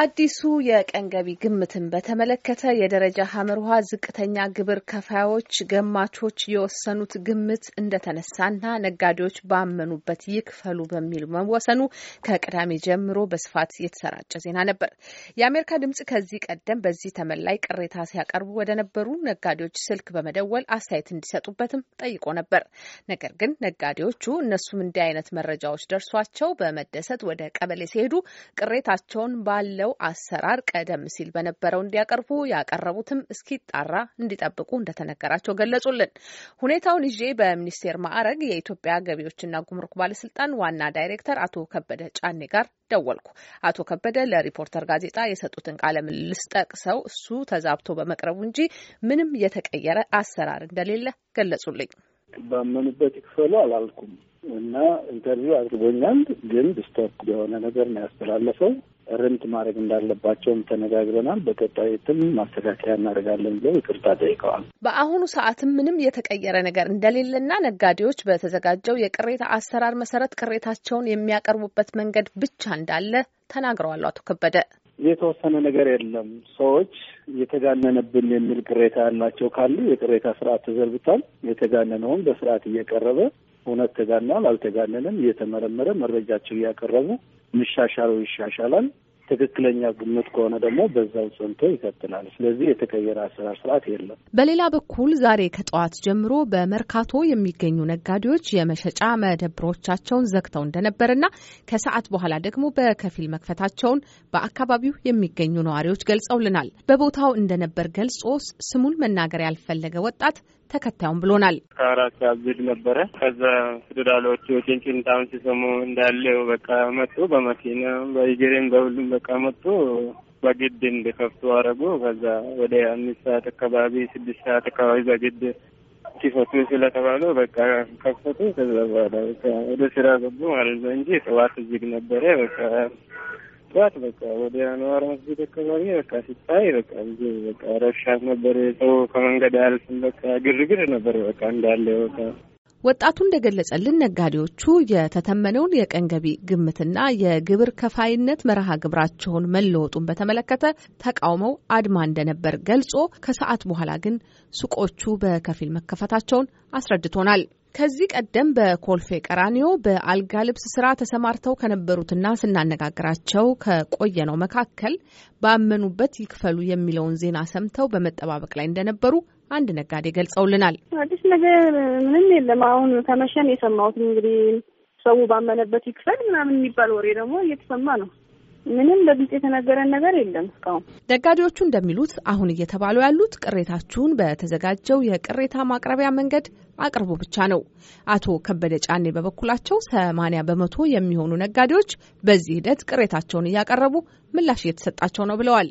አዲሱ የቀን ገቢ ግምትን በተመለከተ የደረጃ ሀመርኋ ዝቅተኛ ግብር ከፋዮች ገማቾች የወሰኑት ግምት እንደተነሳና ነጋዴዎች ባመኑበት ይክፈሉ በሚል መወሰኑ ከቅዳሜ ጀምሮ በስፋት የተሰራጨ ዜና ነበር። የአሜሪካ ድምጽ ከዚህ ቀደም በዚህ ተመን ላይ ቅሬታ ሲያቀርቡ ወደ ነበሩ ነጋዴዎች ስልክ በመደወል አስተያየት እንዲሰጡበትም ጠይቆ ነበር። ነገር ግን ነጋዴዎቹ እነሱም እንዲህ አይነት መረጃዎች ደርሷቸው በመደሰት ወደ ቀበሌ ሲሄዱ ቅሬታቸውን ባለ ባለው አሰራር ቀደም ሲል በነበረው እንዲያቀርቡ ያቀረቡትም እስኪጣራ እንዲጠብቁ እንደተነገራቸው ገለጹልን። ሁኔታውን ይዤ በሚኒስቴር ማዕረግ የኢትዮጵያ ገቢዎችና ጉምሩክ ባለስልጣን ዋና ዳይሬክተር አቶ ከበደ ጫኔ ጋር ደወልኩ። አቶ ከበደ ለሪፖርተር ጋዜጣ የሰጡትን ቃለ ምልልስ ጠቅሰው እሱ ተዛብቶ በመቅረቡ እንጂ ምንም የተቀየረ አሰራር እንደሌለ ገለጹልኝ። ባመኑበት ይክፈሉ አላልኩም እና ኢንተርቪው አድርጎኛል፣ ግን ዲስቶርት የሆነ ነገር ነው ያስተላለፈው። ርምት ማድረግ እንዳለባቸውም ተነጋግረናል። በቀጣይ ማስተካከያ እናደርጋለን ብለው ይቅርታ ጠይቀዋል። በአሁኑ ሰዓትም ምንም የተቀየረ ነገር እንደሌለና ነጋዴዎች በተዘጋጀው የቅሬታ አሰራር መሰረት ቅሬታቸውን የሚያቀርቡበት መንገድ ብቻ እንዳለ ተናግረዋል። አቶ ከበደ የተወሰነ ነገር የለም። ሰዎች የተጋነነብን የሚል ቅሬታ ያላቸው ካሉ የቅሬታ ስርዓት ተዘርግቷል። የተጋነነውን በስርዓት እየቀረበ እውነት ተጋናል አልተጋነንም እየተመረመረ መረጃቸው እያቀረቡ ምሻሻለው ይሻሻላል ትክክለኛ ግምት ከሆነ ደግሞ በዛው ጸንቶ ይቀጥላል። ስለዚህ የተቀየረ አሰራር ስርዓት የለም። በሌላ በኩል ዛሬ ከጠዋት ጀምሮ በመርካቶ የሚገኙ ነጋዴዎች የመሸጫ መደብሮቻቸውን ዘግተው እንደነበርና ከሰዓት በኋላ ደግሞ በከፊል መክፈታቸውን በአካባቢው የሚገኙ ነዋሪዎች ገልጸውልናል። በቦታው እንደነበር ገልጾ ስሙን መናገር ያልፈለገ ወጣት ተከታዩም ብሎናል። ከአራት ሰዓት ነበረ። ከዛ ፌዴራሎቹ ጭንጭንታውን ሲሰሙ እንዳለው በቃ መጡ። በመኪና በእግርም በሁሉም ቀመጡ በግድ እንዲከፍቱ አደረጉ። ከዛ ወደ አምስት ሰዓት አካባቢ ስድስት ሰዓት አካባቢ በግድ ሲፈቱ ስለተባሉ በቃ ከፈቱ። ከዛ በኋላ ወደ ስራ ገቡ ማለት ነው እንጂ ጠዋት እዝግ ነበረ። በቃ ጠዋት በቃ ወደ አንዋር መስጊድ አካባቢ በቃ ሲታይ በቃ ብዙ በቃ ረብሻት ነበር። ሰው ከመንገድ አልፍም በቃ ግርግር ነበር በቃ እንዳለ በቃ ወጣቱ እንደገለጸልን ነጋዴዎቹ የተተመነውን የቀን ገቢ ግምትና የግብር ከፋይነት መርሃ ግብራቸውን መለወጡን በተመለከተ ተቃውመው አድማ እንደነበር ገልጾ ከሰዓት በኋላ ግን ሱቆቹ በከፊል መከፈታቸውን አስረድቶናል። ከዚህ ቀደም በኮልፌ ቀራኒዮ በአልጋ ልብስ ስራ ተሰማርተው ከነበሩትና ስናነጋግራቸው ከቆየነው መካከል ባመኑበት ይክፈሉ የሚለውን ዜና ሰምተው በመጠባበቅ ላይ እንደነበሩ አንድ ነጋዴ ገልጸውልናል። አዲስ ነገር ምንም የለም። አሁን ከመሸን የሰማሁት እንግዲህ ሰው ባመነበት ይክፈል ምናምን የሚባል ወሬ ደግሞ እየተሰማ ነው። ምንም በግልጽ የተነገረን ነገር የለም እስካሁን። ነጋዴዎቹ እንደሚሉት አሁን እየተባሉ ያሉት ቅሬታችሁን በተዘጋጀው የቅሬታ ማቅረቢያ መንገድ አቅርቡ ብቻ ነው። አቶ ከበደ ጫኔ በበኩላቸው ሰማንያ በመቶ የሚሆኑ ነጋዴዎች በዚህ ሂደት ቅሬታቸውን እያቀረቡ ምላሽ እየተሰጣቸው ነው ብለዋል።